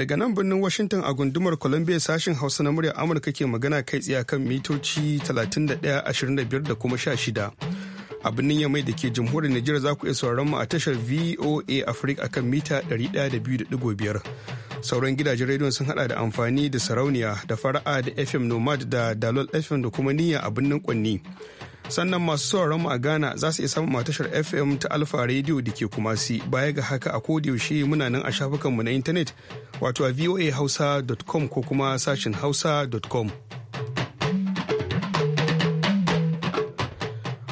Daga nan birnin Washington a gundumar Columbia sashen Hausa na murya Amurka ke magana kai tsaye kan mitoci 31.25 da kuma 16. a birnin yamai da ke jamhuriyar Nijar za ku iya sauraron mu a tashar VOA Africa akan mita 102.5. Sauran gidajen rediyon sun hada da amfani da sarauniya da fara'a da FM Nomad da Dalol FM da kuma niyya a birnin Kwanni. sannan masu sauraron mu a Ghana za su iya samun matashar FM ta Alfa Radio da ke Kumasi baya ga haka a yaushe muna nan a shafukanmu na intanet wato a voahausa.com ko kuma sashin hausa.com.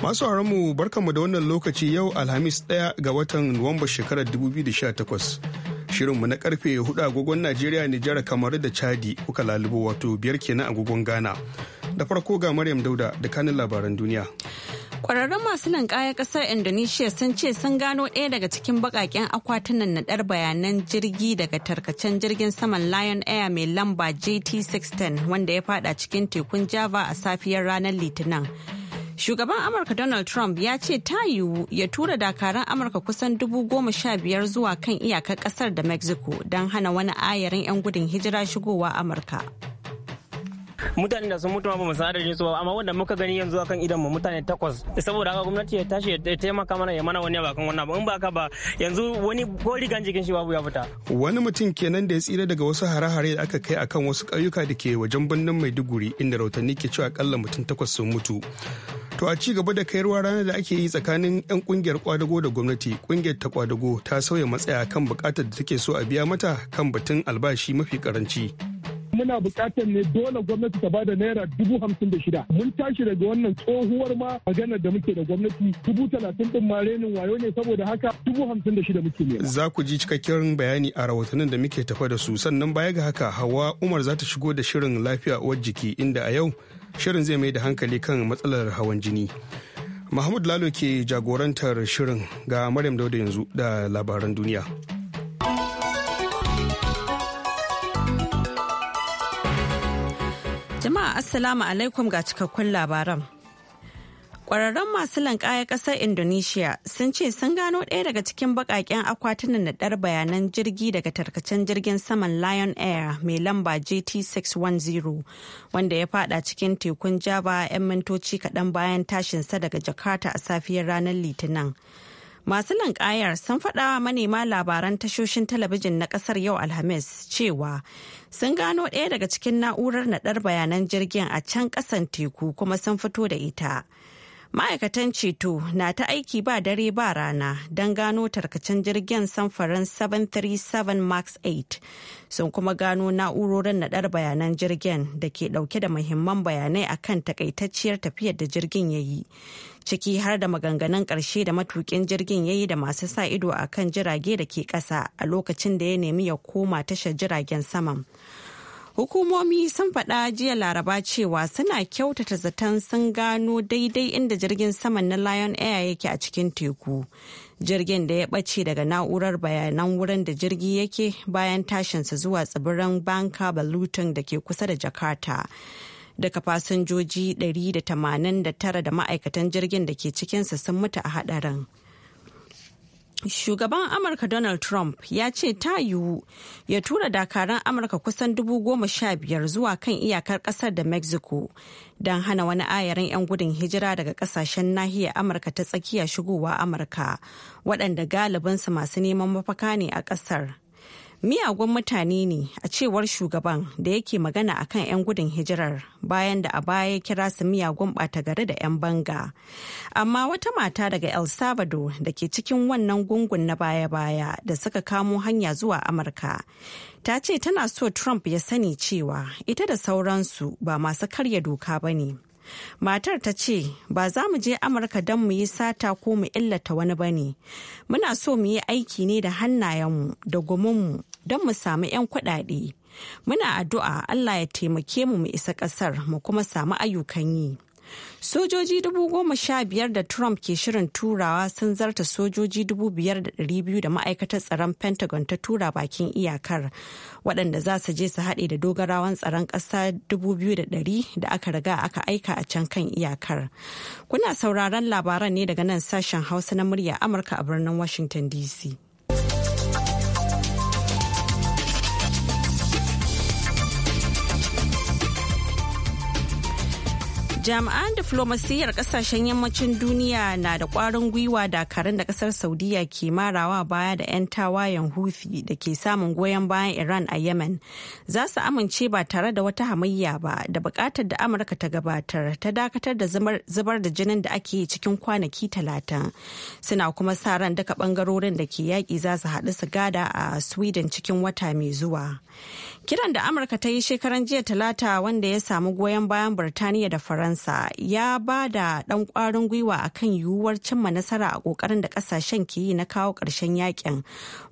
Masu mu barkanmu da wannan lokaci yau Alhamis 1 ga watan Nuwamba shekarar 2018. Shirinmu na karfe hudu agogon Najeriya, Nijar, kamar da Chadi kuka lalubo wato biyar kenan agogon Ghana. Da farko ga Maryam Dauda da kanin labaran duniya. Kwararrun masu nan kaya kasar Indonesia sun ce sun gano ɗaya daga cikin bakaken akwatunan naɗar bayanan jirgi daga tarkacen jirgin saman Lion Air mai lamba JT16 wanda ya fada cikin tekun Java a safiyar ranar Litinin. Shugaban Amurka Donald Trump ya ce ta yiwu ya tura dakaran Amurka kusan dubu goma sha biyar zuwa kan iyakar kasar da Mexico don hana wani ayarin 'yan gudun hijira shigowa Amurka. mutane da sun mutu ma ba mu da su ba amma wanda muka gani yanzu akan idan mu mutane takwas saboda haka gwamnati ya tashi ya taimaka mana ya mana wani kan wannan ba in ba ka ba yanzu wani ko rigan jikin shi babu ya fita wani mutum kenan da ya tsira daga wasu hare-hare da aka kai akan wasu ƙauyuka da ke wajen birnin Maiduguri inda rautanni ke cewa akalla mutum takwas sun mutu To a ci gaba da kayarwa ranar da ake yi tsakanin 'yan kungiyar kwadago da gwamnati kungiyar ta kwadago ta sauya matsaya kan bukatar da take so a biya mata kan batun albashi mafi karanci. muna bukatar ne dole gwamnati ta bada naira dubu hamsin da shida mun tashi daga wannan tsohuwar ma maganar da muke da gwamnati dubu talatin din ma wayo ne saboda haka dubu hamsin da shida muke nema. za ku ji cikakken bayani a rahotannin da muke tafa da su sannan baya ga haka hawa umar za ta shigo da shirin lafiya uwar jiki inda a yau shirin zai mai da hankali kan matsalar hawan jini. Mahmud Lalo ke jagorantar shirin ga Maryam Dauda yanzu da labaran duniya. Jama'a Assalamu alaikum ga cikakkun labaran. Ƙwararrun masu lankaya ƙasar Indonesia sun ce sun gano ɗaya daga cikin baƙaƙen akwatunan naɗar bayanan jirgi daga tarkacen jirgin saman Lion Air mai lamba JT610 wanda ya fada cikin tekun Java 'yan mintoci kaɗan bayan tashinsa daga Jakarta a safiyar ranar Litinin. Masu linƙayar sun faɗa manema labaran tashoshin talabijin na ƙasar yau Alhamis cewa sun gano ɗaya daga cikin na'urar naɗar bayanan jirgin a can ƙasan teku kuma sun fito da ita. ma'aikatan ceto na ta aiki ba dare ba rana don gano tarkacen jirgin samfarin 737 max 8 sun kuma gano na'urorin naɗar bayanan jirgin da ke ɗauke da muhimman bayanai akan takaitacciyar tafiyar da jirgin ya yi ciki har da maganganun ƙarshe da matukin jirgin ya yi da masu sa ido akan jirage da ke ƙasa a lokacin da ya nemi ya koma tashar jiragen saman. Hukumomi sun faɗa jiya Laraba cewa suna kyautata zaton sun gano daidai inda jirgin saman na Lion Air yake a cikin teku. Jirgin da ya ɓace daga na'urar bayanan wurin da jirgi yake bayan tashinsa zuwa tsibirin Banka Baluton da ke kusa da Jakarta. Daga fasinjoji 189 da ma'aikatan jirgin da ke cikinsa sun mutu a haɗarin. Shugaban Amurka Donald Trump ya ce ta yiwu ya tura dakaran Amurka kusan dubu goma sha biyar zuwa kan iyakar kasar da Mexico don hana wani ayarin 'yan gudun hijira daga kasashen nahiyar Amurka ta tsakiya shigowa Amurka waɗanda galibinsu masu neman mafaka ne a ƙasar. miyagun mutane ne a cewar shugaban da yake magana a kan 'yan gudun hijirar bayan da a baya ya kira su miyagun bata gari da 'yan banga amma wata mata daga el salvador da ke cikin wannan gungun na baya-baya da suka kamo hanya zuwa amurka ta ce tana so trump ya sani cewa ita da sauransu ba masu karya doka ba ne matar ta ce ba za mu je amurka don mu yi sata ko mu illata wani ba ne muna so mu yi aiki ne da hannayenmu da gumunmu don mu samu 'yan kuɗaɗe. Muna addu'a Allah ya taimake mu mu isa ƙasar mu kuma samu ayyukan yi. Sojoji dubu goma sha biyar da Trump ke shirin turawa sun zarta sojoji dubu biyar da ɗari biyu da ma'aikatar tsaron Pentagon ta tura bakin iyakar waɗanda za su je su haɗe da dogarawan tsaron ƙasa dubu biyu da ɗari da aka riga aka aika a can kan iyakar. Kuna sauraron labaran ne daga nan sashen Hausa na murya Amurka a birnin Washington DC. jami'an diflomasiyyar kasashen yammacin duniya na da kwarin gwiwa dakarun da kasar saudiya ke marawa baya da 'yan tawayen houthi da ke samun goyon bayan iran a yemen za su amince ba tare da wata hamayya ba da bukatar da amurka ta gabatar ta dakatar da zubar da jinin da ake cikin kwanaki talatin suna kuma sa ran duka bangarorin da ke yaƙi za su haɗu su gada a sweden cikin wata mai zuwa kiran da amurka ta yi shekaran jiya talata wanda ya samu goyon bayan burtaniya da faransa kansa ya ba da ɗan ƙwarin gwiwa a kan yiwuwar cimma nasara a ƙoƙarin da ƙasashen ke yi na kawo ƙarshen yakin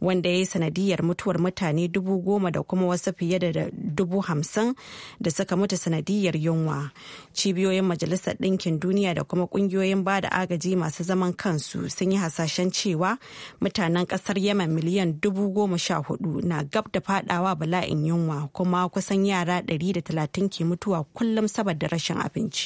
wanda ya yi sanadiyar mutuwar mutane dubu goma da kuma wasu fiye da dubu hamsin da suka mutu sanadiyar yunwa. Cibiyoyin Majalisar Ɗinkin Duniya da kuma ƙungiyoyin ba da agaji masu zaman kansu sun yi hasashen cewa mutanen ƙasar Yemen miliyan dubu goma sha hudu na gab da fadawa bala'in yunwa kuma kusan yara da talatin ke mutuwa kullum saboda rashin abinci.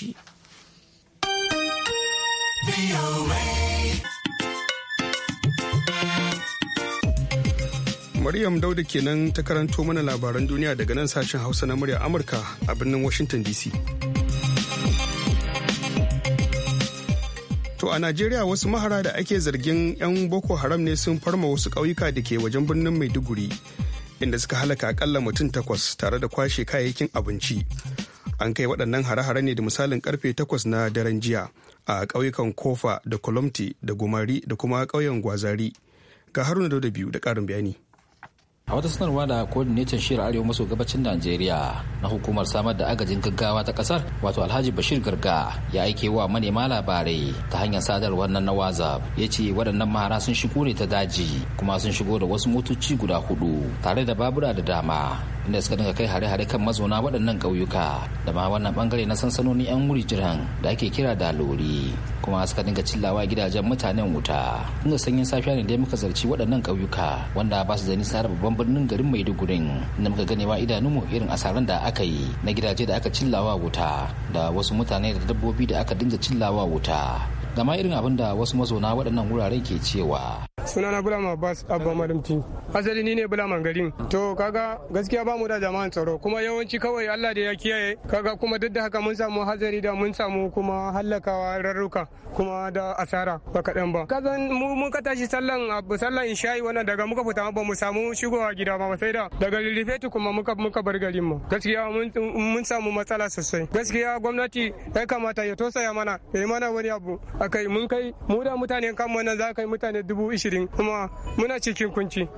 Maryam Dauda kenan ta karanto mana labaran duniya daga nan sashen Hausa na murya Amurka a birnin Washington DC. To a Najeriya wasu mahara da ake zargin 'yan Boko Haram ne sun farma wasu ƙauyuka da ke wajen birnin Maiduguri inda suka halaka akalla mutum takwas tare da kwashe kayayyakin abinci. an kai waɗannan hare-hare ne da misalin karfe 8 na daren jiya a ƙauyukan kofa da kolomti da gumari da kuma ƙauyen gwazari ga haruna da biyu da ƙarin bayani a wata sanarwa da coordinator shirin arewa maso gabacin najeriya na hukumar samar da agajin gaggawa ta kasar wato alhaji bashir garga ya aike wa manema labarai ta hanyar sadarwar nan na whatsapp ya ce waɗannan mahara sun shigo ne ta daji kuma sun shigo da wasu motoci guda hudu tare da babura da dama inda suka dinga kai hare-hare kan mazauna waɗannan ƙauyuka da ma wannan bangare na sansanoni 'yan wuri jiran da ake kira da lori kuma suka dinga cillawa gidajen mutanen wuta inda sanyin safiya ne da muka zarci waɗannan ƙauyuka wanda ba su da nisa da babban birnin garin maiduguri inda muka ganewa idanunmu irin asaran da aka yi na gidaje da aka cillawa wuta da wasu mutane da dabbobi da aka dinga cillawa wuta gama ma irin abin da wasu mazauna waɗannan wuraren ke cewa sunana bulama abbas abba madamti asali ni ne bulaman garin to kaga gaskiya ba mu da jama'an tsaro kuma yawanci kawai allah da ya kiyaye kaga kuma duk da haka mun samu hazari da mun samu kuma hallakawa rarruka kuma da asara ba kaɗan ba kazan mu mun ka tashi sallan abu sallan inshayi wannan daga muka fita ba mu samu shigowa gida ba sai da daga lilifetu kuma muka muka bar garin mu gaskiya mun samu matsala sosai gaskiya gwamnati ya kamata ya ya mana ya yi mana wani abu akai mun kai mu da mutane kan wannan za kai mutane dubu ishirin kuma muna cikin kunci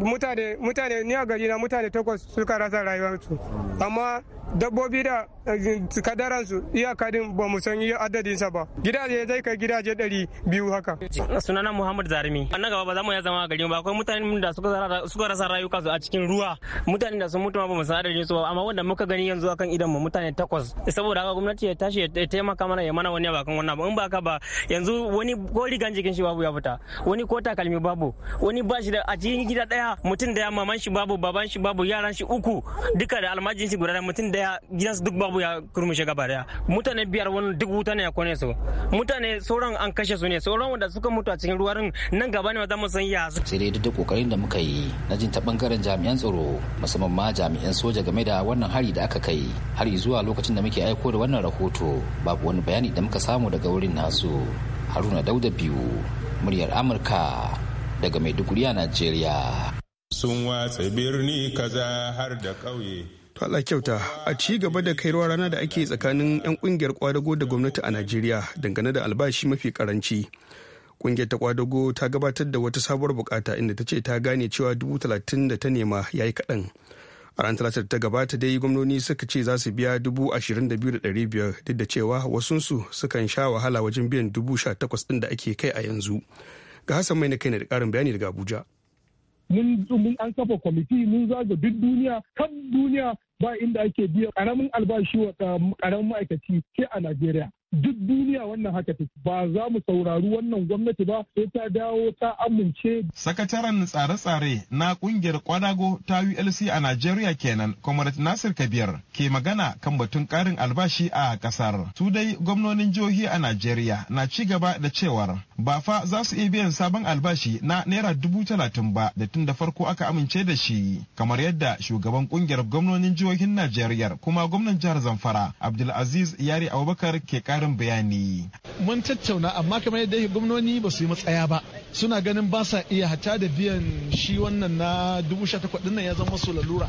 mutane mutane ni a gari na mutane takwas suka rasa rayuwarsu amma dabbobi da eh, kadaransu iyakadin ba mu san iya adadin sa ba gidaje zai kai gidaje ɗari biyu haka sunana muhammad zarimi a nan gaba ba za mu ya zama a gari ba akwai mutane da suka rasa rayuka su a cikin ruwa mutane da sun mutu ba mu san adadin su ba amma wanda muka gani yanzu akan idan mu mutane takwas saboda haka gwamnati ya tashi ya taimaka mana ya mana wani ba kan wannan ba in ba haka ba yanzu wani ko rigan jikin shi babu ya fita wani ko takalmi babu wani ba shi da a cikin gida daya mutum daya maman shi babu baban shi babu yaran shi uku duka da almajin shi guda mutum daya gidansu duk babu ya kurmushe gaba daya mutane biyar wani duk wuta ne ya kone su mutane sauran an kashe su ne sauran wanda suka mutu a cikin ruwan nan gaba ne za mu san ya su sai dai duk kokarin da muka yi na jin ta bangaren jami'an tsaro musamman ma jami'an soja game da wannan hari da aka kai har zuwa lokacin da muke aiko da wannan rahoto babu wani bayani da muka samu daga wurin nan faso haruna dauda biyu muryar amurka daga maiduguri a najeriya sun watsa birni kaza har da ƙauye to Allah kyauta a ci gaba da kairuwa rana da ake tsakanin 'yan kungiyar kwadago da gwamnati a najeriya dangane da albashi mafi karanci kungiyar ta kwadago ta gabatar da wata sabuwar bukata inda ta ce ta gane cewa dubu talatin da ta nema ya yi kaɗan a ran talatar ta gabata dai gwamnoni suka ce za su biya dubu ashirin da biyu da ɗari biyar duk da cewa wasunsu sukan sha wahala wajen biyan dubu sha takwas ɗin da ake kai a yanzu ga hassan mai na kai na da ƙarin bayani daga abuja mun mun an kafa kwamiti mun zaga duk duniya kan duniya ba inda ake biya karamin albashi wa karamin um, ma'aikaci ke a Najeriya. duk duniya wannan haka take ba za mu saurari wannan gwamnati ba sai ta dawo ta amince. Sakataren tsare-tsare na kungiyar kwadago ta ULC a Najeriya kenan Comrade Nasir Kabir ke magana kan batun karin albashi a kasar. Su dai gwamnonin jihohi a Najeriya na ci gaba da cewar ba fa za su iya biyan sabon albashi na naira dubu talatin ba da tun da farko aka amince da shi kamar yadda shugaban kungiyar gwamnonin jihohin Najeriya kuma gwamnan jihar Zamfara Abdulaziz Yari Abubakar ke karin karin bayani. Mun tattauna amma kamar yadda gwamnoni ba su yi matsaya ba suna ganin ba sa iya hata da biyan shi wannan na dubu sha takwas ɗin ya zama su lalura.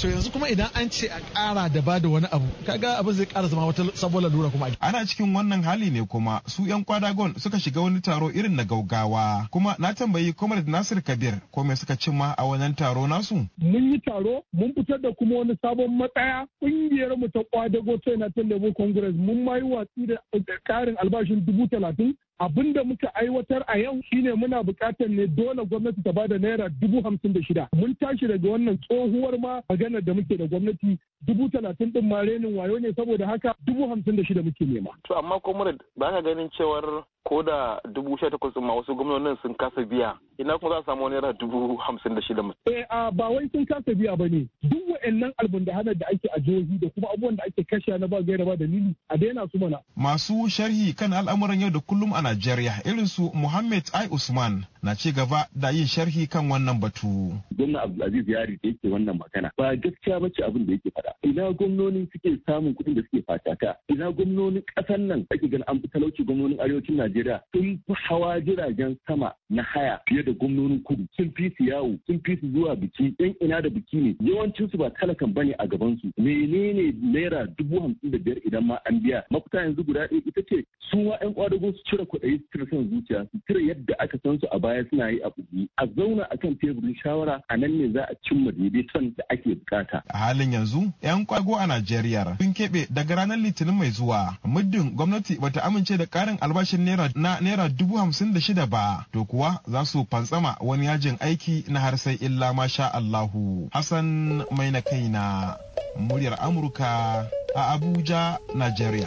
to yanzu kuma idan an ce a ƙara da ba da wani abu kaga abin zai ƙara zama wata sabuwar lura kuma ana cikin wannan hali ne kuma su yan kwadagon suka shiga wani taro irin na gaugawa kuma na tambayi comrade nasir kabir ko me suka cimma a wannan taro nasu mun yi taro mun fitar da kuma wani sabon matsaya ƙungiyar mu ta kwadago ta na ta congress mun ma yi watsi da ƙarin albashin dubu talatin abin da muka aiwatar a yau shine muna buƙatar ne dole gwamnati ta bada naira dubu hamsin da shida mun tashi daga wannan tsohuwar ma maganar da muke da gwamnati dubu talatin din ma renin wayo ne saboda haka dubu hamsin da shida muke nema. to amma comrade ba ka ganin cewar ko da dubu sha takwas ma wasu gwamnonin sun kasa biya ina kuma za a samu naira dubu hamsin da shida. eh a ba wai sun kasa biya ba ne duk wa'annan albun da hana da ake a jihohi da kuma abubuwan da ake kashe na ba gaira ba dalili a daina su mana. masu sharhi kan al'amuran yau da kullum a Najeriya irin su Muhammad i Usman na ci gaba da yin sharhi kan wannan batu. Gwamna Abdulaziz Yari da yake wannan magana ba gaskiya bace abin da yake faɗa. Ina gwamnoni suke samun kuɗin da suke fatata? Ina gwamnoni ƙasar nan ake ganin an fi talauci gwamnonin arewacin Najeriya sun fi hawa jiragen sama na haya fiye da gwamnonin kudu. Sun fi su yawo, sun fi su zuwa biki, ɗan ina da biki ne. Yawancinsu ba talakan ba ne a gabansu. Menene naira dubu hamsin da biyar idan ma an biya? Mafita yanzu guda ɗaya ita ce su wa 'yan ƙwadago su cire kwaɗayi su cire son zuciya su cire yadda aka san su a baya suna yi a ɓuɓɓi a zauna akan teburin shawara a nan ne za a cimma daidaiton da ake bukata. A halin yanzu 'yan kwago a Najeriya sun keɓe daga ranar Litinin mai zuwa muddin gwamnati bata amince da ƙarin albashin naira na naira dubu hamsin da shida ba to kuwa za su fantsama wani yajin aiki na har sai illa masha Allahu. Hassan mai na kaina muryar Amurka a Abuja, Najeriya.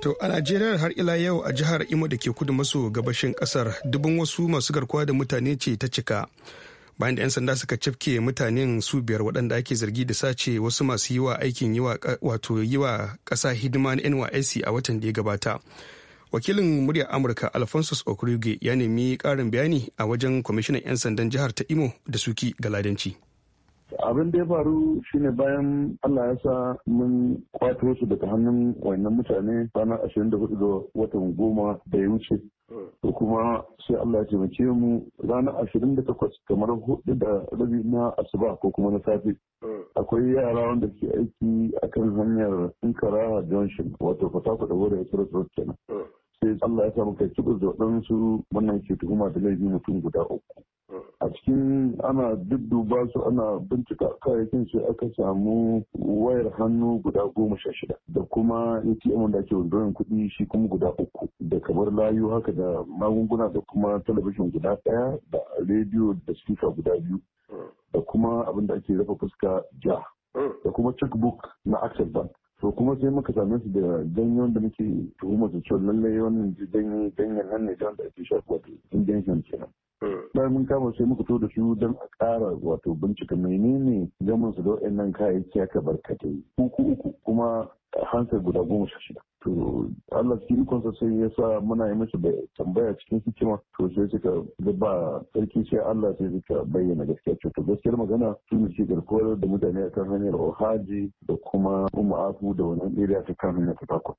To a Najeriya har ila yau a jihar Imo da ke kudu maso gabashin kasar dubun wasu masu garkuwa da mutane ce ta cika. Bayan da 'yan sanda suka cafke mutanen su biyar waɗanda ake zargi da sace wasu masu yi wa aikin yi wato yiwa ƙasa hidima na NYSC a watan da ya gabata. Wakilin Murya Amurka Alphonsus Okruge ya nemi ƙarin bayani a wajen kwamishinan 'yan sandan jihar ta Imo da suki ga ladanci. abin da ya faru shine bayan Allah ya sa mun kwato su daga hannun wannan mutane bana ashirin ga watan goma da ya wuce to kuma sai Allah ya taimake mu rana ashirin kamar hudu da rabi na asuba ko kuma na safe akwai yara wanda ke aiki akan hanyar Inkara Junction wato Fatakwal da Wuri tsira Road kenan sai Allah ya samu kai cikin zaɓen su wannan ke tuhuma da laifi mutum guda uku. A cikin ana dudduba su ana bincika kayayyakin sai aka samu wayar hannu guda goma sha shida da kuma ATM da ake wanzuwan kuɗi shi kuma guda uku da kamar layu haka da magunguna da kuma talabijin guda ɗaya da rediyo da sika guda biyu da kuma abin da ake rafa fuska ja mm. da kuma checkbook na Access Bank. to kuma sai muka same su da ganyen da muke tuhuma su cewa lallai wannan ganyen ganyen nan ne da ake shafa wato injection kenan hmm. bayan mun kama sai muka to da su don a ƙara wato bincika menene gamin su da waɗannan kayayyaki aka barkatai uku uku kuma hansar guda goma sha shida to Allah cikin ikonsa sai ya sa muna yi masa tambaya cikin hikima to sai suka ga ba sarki sai Allah sai suka bayyana gaskiya to to gaskiyar magana su ne ke garkuwar da mutane a kan hanyar Ohaji da kuma Umma da wannan area ta kan hanyar Fatakwa.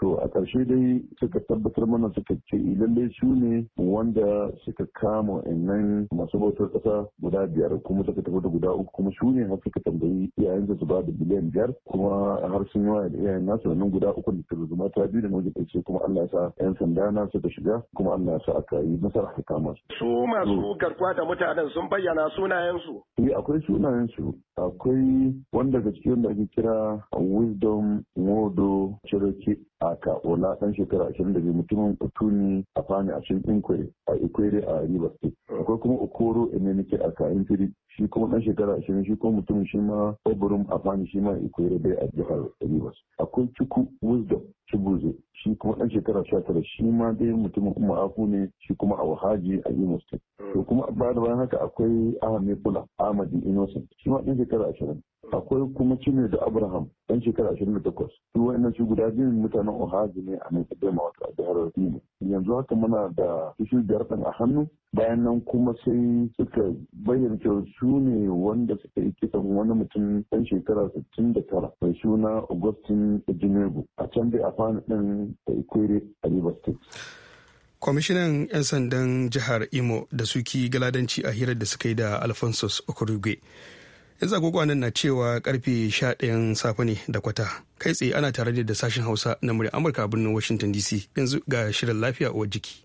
To a ƙarshe dai suka tabbatar mana suka ce eh, lalle su ne wanda suka kama innan masu bautar ƙasa guda biyar kuma suka tafi da guda uku kuma su ne har suka tambayi iyayen su ba da biliyan biyar kuma har sun yi da iyayen nasu nan guda uku da zuma ta biyu da nau'in ce kuma Allah ya sa 'yan sanda na da shiga kuma Allah ya sa aka yi nasara aka kama su. Su masu garkuwa da mutanen sun bayyana sunayensu. Eh akwai sunayensu akwai wanda daga cikin da ake kira Wisdom Modo Cherokee aka ola ɗan shekara ashirin da biyu mutumin otuni a fani a cikin inquiry a ikwere a river state akwai kuma okoro emenike a kayan firi shi kuma ɗan shekara ashirin shi kuma mutumin shi ma oburum a fani shi ma ikwere bai a jihar river Lagos akwai Ciku Wisdom Chibuze shi kuma ɗan shekara sha tara shi ma dai mutumin Umma Aku ne shi kuma a Wahaji a Imo State. To kuma bayan haka akwai Ahmed Bula ahmed Innocent shi ma ɗan shekara ashirin akwai kuma cime da abraham dan shekara 28 su wa'annan guda biyu mutanen ohaji ne a nan kadama wato a jihar yanzu haka muna da su biyar ɗin a hannu bayan nan kuma sai suka bayyana cewa su ne wanda suka yi kisan wani mutum ɗan shekara 69 mai suna augustin a can dai a fani ɗin da ikwere a river state kwamishinan 'yan sandan jihar imo da suki galadanci a hirar da suka yi da alphonsus okorugwe yanzu agogo na cewa karfe 11 safe ne da kwata kai tsaye ana tare da sashen hausa na murya amurka a birnin washington dc yanzu ga shirin lafiya uwar jiki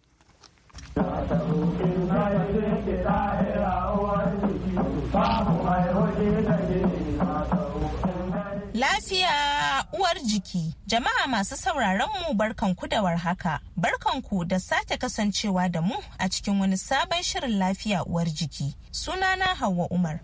ciki. Jama'a masu sauraron mu barkanku da warhaka. Barkanku da sake kasancewa da mu a cikin wani sabon shirin lafiya uwar jiki. Sunana Hauwa Umar.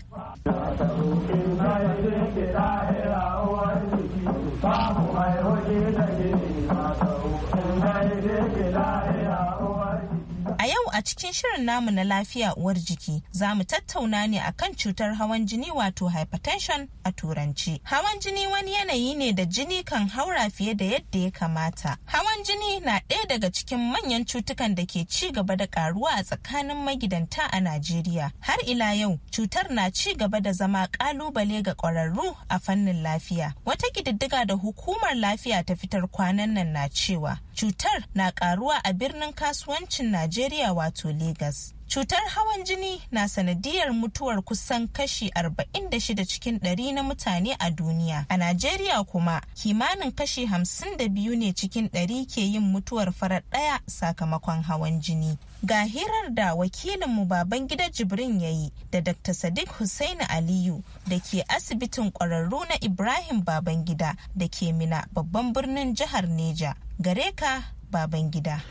A yau a cikin shirin namu na lafiya uwar jiki za mu tattauna ne kan cutar hawan jini wato hypertension a turanci. Hawan jini wani yanayi ne da jini kan haura fiye da yadda ya kamata. Hawan jini na ɗaya daga cikin manyan cutukan da ke ci gaba da karuwa a tsakanin magidanta a Najeriya. Har ila yau cutar na ci gaba da zama kalubale ga ƙwararru a fannin lafiya. Wata kididdiga da hukumar lafiya ta fitar kwanan nan na cewa cutar na karuwa a birnin kasuwancin Najeriya wato wato Legas. Cutar hawan jini na sanadiyar mutuwar kusan kashi 46 cikin 100 na mutane a duniya. A Najeriya kuma kimanin kashi 52 ne cikin 100 ke yin mutuwar farar ɗaya sakamakon hawan jini. Ga hirar da wakilinmu baban gida Jibrin ya yi da Dr. Sadiq Hussaini Aliyu da ke asibitin ƙwararru na Ibrahim Babangida da ke Mina babban birnin jihar Neja. Gare ka baban gida.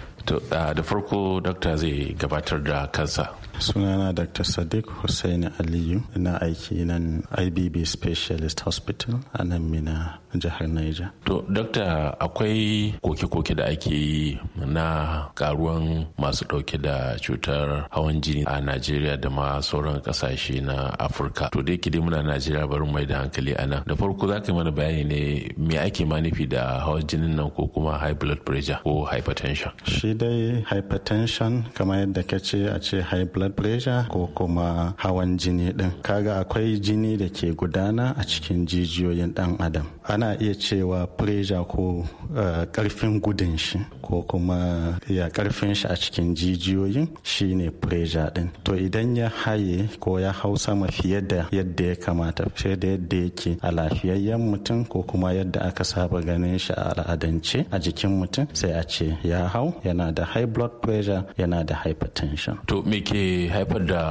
Ah, da farko dokta zai gabatar da kansa. sunana dr sadiq hussein aliyu na aiki nan ibb specialist hospital a nan mina jihar niger to dokta akwai koke-koke da ake yi na karuwan masu dauke da cutar hawan jini a najeriya da ma sauran kasashe na afirka to dai yake muna najeriya bari mai da hankali a nan da farko za ka mana bayani ne me ake ma nufi da hawan jinin nan ko kuma high blood pressure ko hypertension shi dai hypertension kamar yadda ka ce a ce high blood blood pressure ko kuma hawan jini din kaga akwai jini da ke gudana a cikin jijiyoyin dan adam ana iya cewa pressure ko eh, karfin gudun shi ko kuma ya karfin shi a cikin jijiyoyin shine pressure din to idan ya haye ko ya hau sama fiye da yadda ya kamata fiye da yadda yake a lafiyayyen mutum ko kuma yadda aka saba ganin shi a al'adance a jikin mutum sai a ce ya hau yana da high blood pressure yana da hypertension to me ke ke haifar da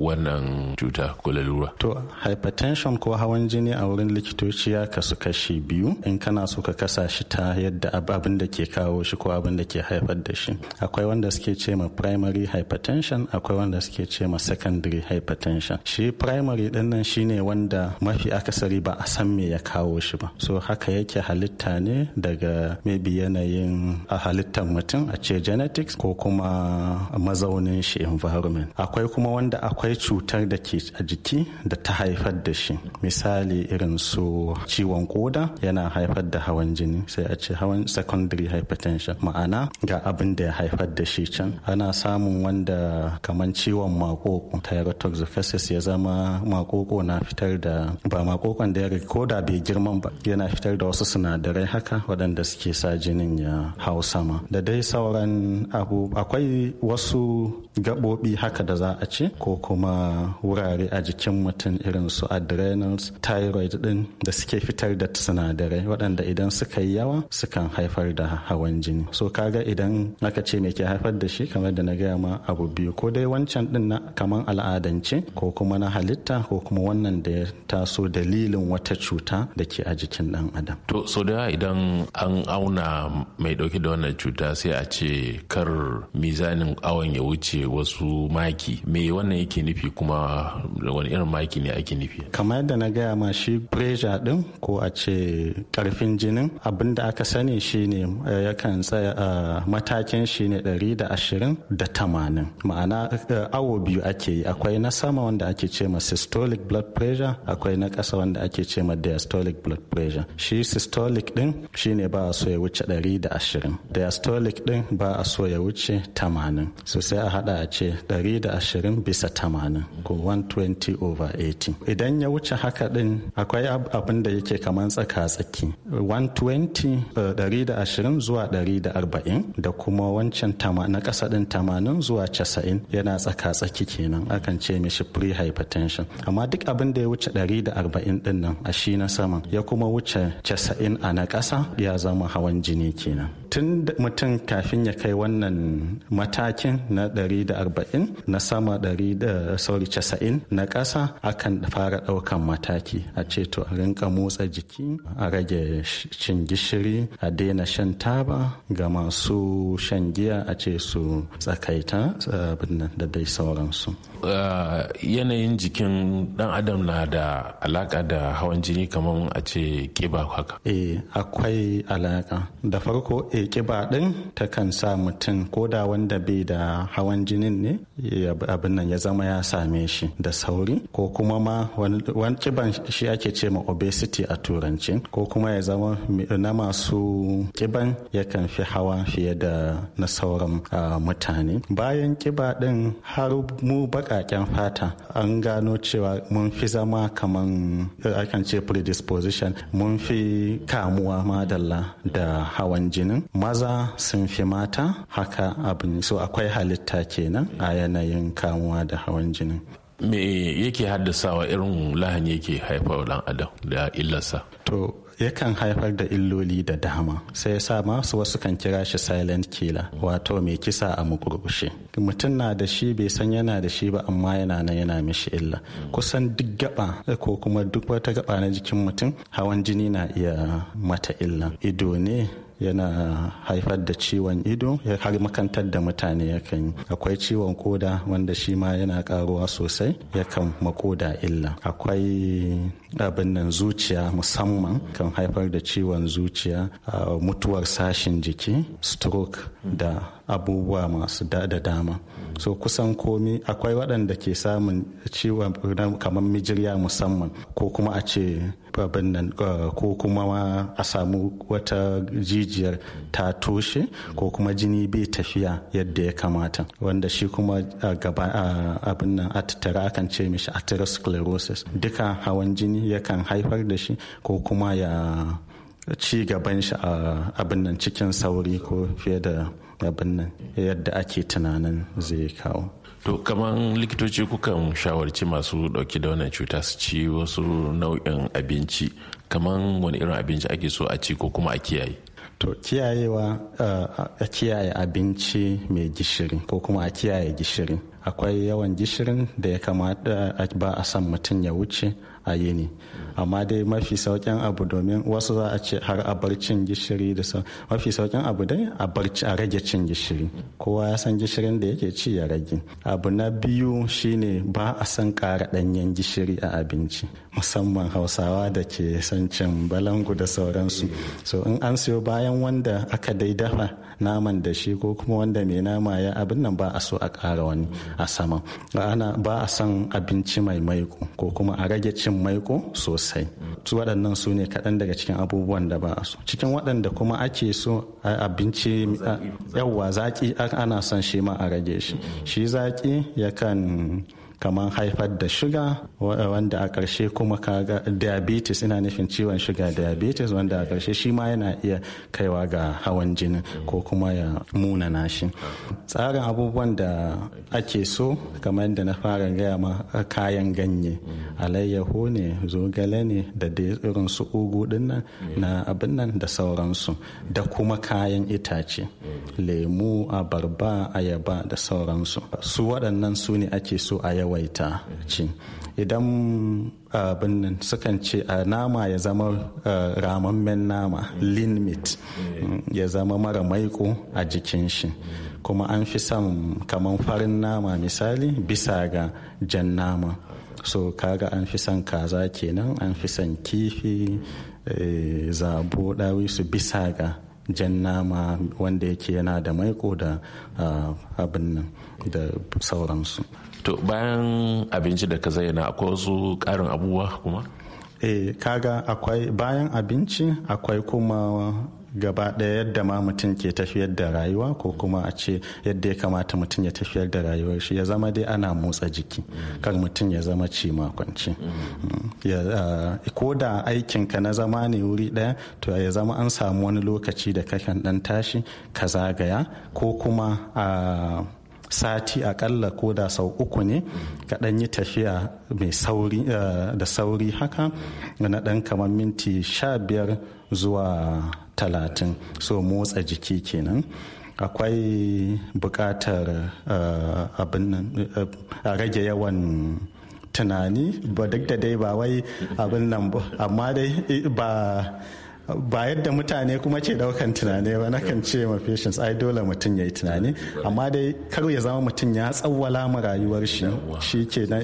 wannan cuta ko lalura to hypertension ko hawan jini a wurin likitoci ya kasu kashi biyu in kana so ka kasa shi ta yadda abin da ke kawo shi ko abin da ke haifar da shi akwai wanda suke ce ma primary hypertension akwai wanda suke ce ma secondary hypertension shi primary din nan shi ne wanda mafi akasari ba a san me ya kawo shi ba so haka yake halitta ne daga maybe yanayin a halittar mutum a ce genetics ko kuma mazaunin shi environment akwai kuma wanda akwai cutar da ke a jiki da ta haifar da shi misali irin su ciwon koda yana haifar da hawan jini sai a ce hawan secondary hypertension ma'ana ga abin da ya haifar da shi can ana samun wanda kamar ciwon makoko thyrotoxophasis ya zama makoko na fitar da ba makokon da ya koda bai girman ba yana fitar da wasu sinadarai haka waɗanda suke sa jinin ya hau sama da dai sauran abu akwai wasu gaɓoɓi haka da za a ce ko kuma wurare a jikin mutum irin su adrenals thyroid din da suke fitar da sinadarai waɗanda idan suka yi yawa sukan haifar da hawan jini so kaga idan aka ce me ke haifar da shi kamar da na gaya ma abu biyu ko dai wancan din na kamar al'adance ko kuma na halitta ko kuma wannan da ya taso dalilin wata cuta da ke a jikin ɗan adam to so da idan an auna mai ɗauke da wannan cuta sai a ce kar mizanin awon ya wuce wasu maki me wannan yake nufi kuma wani irin maki ne ake nufi kamar yadda na gaya ma shi pressure din ko a ce karfin jinin abin da aka sani shine eh, yakan tsaya a eh, matakin shine 120 da 80 ma'ana eh, awo biyu ake yi akwai na sama wanda ake ce ma systolic blood pressure akwai na ƙasa wanda ake ce ma diastolic blood pressure shi systolic din shine ba a so ya wuce 120 diastolic din ba a so ya wuce 80 sosai a hada za a ce 120 bisa 80 ko 120 over 80 idan ya wuce haka din akwai abin da yake kamar tsaka-tsaki 120 120 eh, zuwa 140 da kuma wancan na kasa din 80 zuwa 90 yana tsaka-tsaki kenan akan ce mishi pre-hypertension amma duk abin da ya wuce 140 din nan a shi na saman ya kuma wuce 90 a na kasa ya zama hawan jini kenan tun mutum kafin ya kai wannan matakin na 140 na sama 100 90 na ƙasa akan fara ɗaukan mataki a ce to a rinka motsa jiki a rage cin gishiri a daina shan taba ga masu shan giya a ce su tsakaita da dai sauransu uh, yanayin jikin dan adam na da alaka da hawan jini kamar a ce kiba haka eh akwai alaka da farko e eh, kiba din takan sa mutum koda wanda bai da hawan jini jinin ne abin nan ya zama ya same shi da sauri ko kuma ma wani kiban shi ake ce ma obesity a turanci ko kuma ya zama na masu kiban yakan fi hawa fiye da na sauran mutane bayan kiba din har mu bakaken fata an gano cewa mun fi zama kaman akan ce predisposition mun fi kamuwa madalla da hawan jinin maza sun fi mata haka abin so akwai halitta ke kenan a yanayin kamuwa da hawan jini. me yake haddasawa irin lahani yake haifar dan adam da illarsa to yakan haifar da illoli da dama sai sa masu wasu kan kira shi silent killer wato mai kisa a mukurkushe mutum na da shi bai san yana da shi ba amma yana nan yana mishi illa kusan duk gaba ko kuma duk wata gaba na jikin mutum hawan jini na iya mata illa ido ne yana haifar da ciwon ido ya har makantar da mutane yakan akwai ciwon koda wanda shi ma yana karuwa sosai yakan makoda illa akwai abin nan zuciya musamman kan haifar da ciwon zuciya mutuwar sashin jiki stroke da abubuwa masu da dama so kusan komi akwai waɗanda ke samun ciwon kamar mijirya musamman ko kuma a ce babin nan ko kuma a samu wata jijiyar ta toshe ko kuma jini bai tafiya yadda ya kamata wanda shi kuma a gaba abin nan a tattara akan ce mishi atherosclerosis duka hawan jini yakan haifar da shi ko kuma ya ci gaban shi a abin nan cikin sauri ko fiye da abin nan yadda ake tunanin zai kawo to kamar likitoci kukan shawarci masu dauke da wannan cuta su ci wasu nau'in abinci kaman wani irin abinci ake so a ci ko kuma a kiyaye to kiyayewa eh, a kiyaye abinci mai gishiri ko kuma a kiyaye gishiri akwai yawan gishirin da ya kamata ba a san mutum ya wuce a yini amma dai mafi sauƙin abu domin wasu za a ce har a bar cin gishiri da sau mafi sauƙin abu dai a bar a rage cin gishiri kowa ya san gishirin da yake ci ya rage abu na biyu shine ba a san ƙara ɗanyen gishiri a abinci musamman hausawa da ke son cin balangu da sauransu so in an siyo bayan wanda aka dai dafa naman da shi ko kuma wanda mai nama ya abin nan ba a so a ƙara wani a sama ba a san abinci mai maiko ko kuma a rage cin cin maiko sosai su waɗannan su ne kaɗan daga cikin abubuwan da ba a so cikin waɗanda kuma ake so a abinci yawa zaƙi ana son shi ma a rage shi shi zaƙi yakan kamar haifar da shuga wanda a ƙarshe kuma kaga diabetes ina nufin ciwon shuga diabetes wanda a ƙarshe shi ma yana iya kaiwa ga hawan jini ko kuma ya munana shi tsarin abubuwan da ake so kamar yadda na fara gaya ma kayan ganye alayyahu ne zogale ne da irin su ugu dinnan na abin nan da sauransu da kuma kayan itace lemu abarba ayaba da sauransu su waɗannan su ne ake so a yawa yawaita ci idan ah, abin nan sukan ce a ah, nama ya zama ah, ramammen nama lean meat mm, ya zama mara maiko a jikin shi kuma an fi son kamar farin nama misali bisa ga jan nama so kaga an fi son kaza kenan an fi son kifi eh, zabo dawi su bisa ga jan nama wanda yake yana da maiko da abin nan da sauransu to bayan abinci da ka zayyana akwai wasu karin abubuwa kuma eh kaga akwai bayan abinci akwai kuma gaba ɗaya yadda ma mutum ke tafiyar da rayuwa ko kuma a ce yadda ya kamata mutum ya tafiyar da rayuwar shi ya zama dai ana motsa jiki kar mutum ya zama ci makonci mm. ah, ko da aikinka na zama ne wuri ɗaya to ya zama an samu wani lokaci da kakan ɗan tashi ka zagaya ko kuma a ah, sati akalla ko da sau uku ne kaɗan yi tafiya mai sauri eh, da sauri haka na ɗan kamar minti sha biyar zuwa talatin so motsa jiki kenan akwai buƙatar eh, abin eh, a rage yawan tunani ba duk da dai ba wai abin nan ba amma dai ba ba yadda mutane kuma ke daukan tunani ba na kan ce ma patients ai dole mutum ya yi tunani amma dai kar ya zama mutum ya tsawwala ma rayuwar shi shi ke na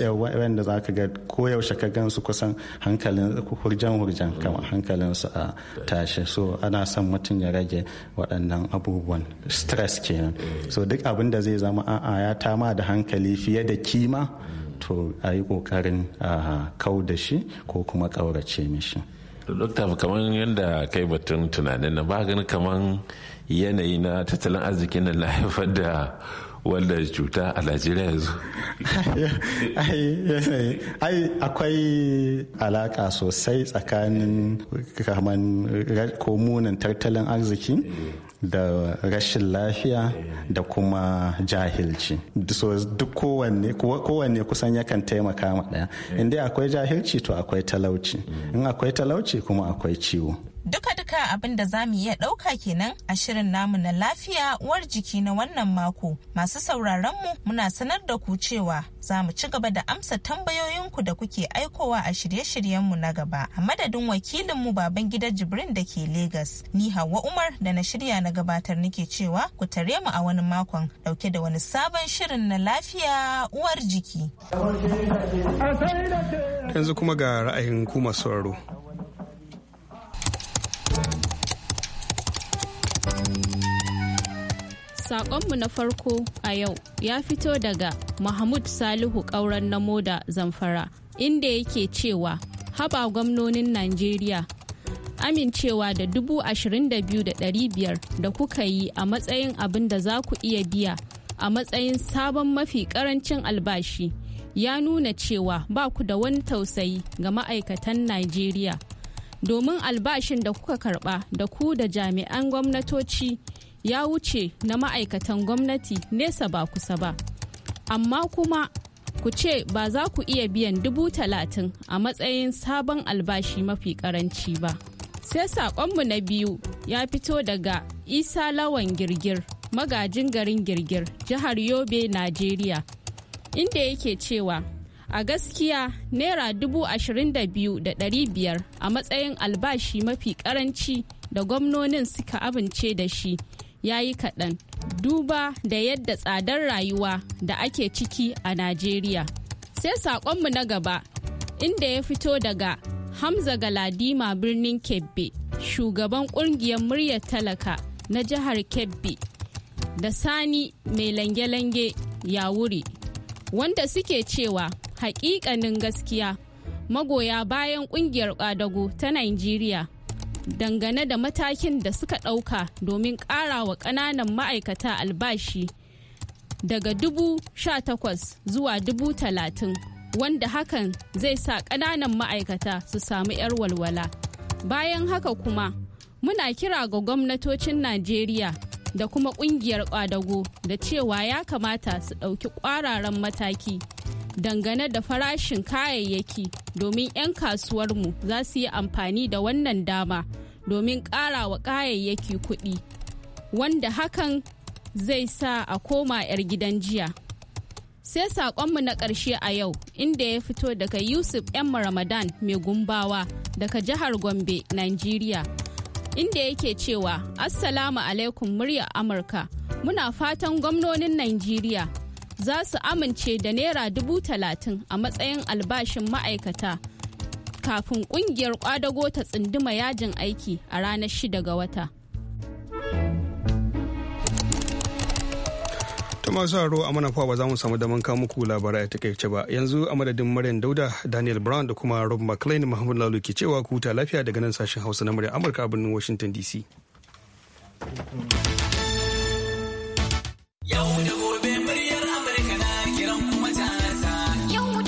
da za ka ga koyaushe ka gan su kusan hankalin hurjan hurjan kama hankalin su a tashi so ana son mutum ya rage waɗannan abubuwan stress kenan eh. so duk abin da zai zama a'a ya tama da hankali fiye da kima to a yi ƙoƙarin kau da shi ko kuma ƙaurace mishi. dokta kamar yadda kai batun tunanin na ba gani kamar yanayi na tattalin arzikin na na haifar da wanda cuta a najeriya yanzu ai akwai alaka sosai tsakanin kaman ko tattalin arziki da rashin lafiya da kuma jahilci duk kowanne kusan yakan taimaka ma daya inda akwai jahilci to akwai talauci in akwai talauci kuma akwai ciwo Duka-duka abin da za mu iya ɗauka kenan a shirin namu na lafiya uwar jiki na wannan mako. Masu sauraron mu muna sanar da ku cewa za mu ci gaba da amsa tambayoyinku da kuke aikowa a shirye shiryen mu na gaba. A madadin wakilinmu baban gidan Jibrin da ke Legas. Ni Hauwa Umar da na shirya na gabatar nake cewa ku tare mu a wani makon dauke da wani sabon shirin na lafiya uwar jiki. Yanzu kuma ga ra'ayin ku masu Sakonmu na farko a yau ya fito daga Mahmud Salihu ƙauren namo da zamfara inda yake cewa haba gwamnonin Najeriya amincewa da dubu ashirin da biyu da ɗari biyar da kuka yi a matsayin abin da za ku iya biya a matsayin sabon mafi ƙarancin albashi ya nuna cewa ba ku da wani tausayi ga ma'aikatan Najeriya. Domin albashin da kuka karɓa da ku da jami'an gwamnatoci ya wuce na ma'aikatan gwamnati nesa ba kusa ba amma kuma ku ce ba za ku iya biyan dubu talatin a matsayin sabon albashi mafi karanci ba sai saƙonmu na biyu ya fito daga isa lawan girgir magajin garin girgir jihar yobe najeriya inda yake cewa a gaskiya naira dubu ashirin da biyu da ɗari biyar a matsayin albashi mafi karanci da gwamnonin suka amince da shi ya yi kaɗan duba da yadda tsadar rayuwa da ake ciki a Najeriya. Sai saƙonmu na gaba inda ya fito daga Hamza Galadima birnin Kebbi, shugaban ƙungiyar muryar talaka na jihar Kebbi, da Sani mai lange-lange ya wuri, wanda suke cewa haƙiƙanin gaskiya magoya bayan ƙungiyar ƙwadago ta Najeriya. dangane da matakin da suka ɗauka domin ƙara wa ƙananan ma'aikata albashi daga dubu sha takwas zuwa dubu talatin wanda hakan zai sa ƙananan ma'aikata su samu 'yar walwala bayan haka kuma muna kira ga gwamnatocin najeriya da kuma kungiyar kwadago da cewa ya kamata su ɗauki kwararan mataki dangane da farashin kayayyaki domin 'yan kasuwarmu za su yi amfani da wannan dama domin ƙara wa kayayyaki kuɗi wanda hakan zai sa a koma 'yar gidan jiya sai saƙonmu na ƙarshe a yau inda ya fito daga yusuf 'yan ramadan mai gumbawa daga jihar gombe nigeria inda yake cewa Assalamu alaikum murya Amurka muna fatan gwamnonin Najeriya za su amince da Naira dubu talatin a matsayin albashin ma'aikata kafin kungiyar kwadago ta tsunduma yajin aiki a ranar shida ga wata. ta masu haro a manafa ba za mu samu daman kawo muku labarai ta kai ba yanzu a madadin maryam dauda daniel brown da kuma rob mclean mahmud lalu ke cewa ku ta lafiya daga nan sashen hausa na murya amurka birnin washington dc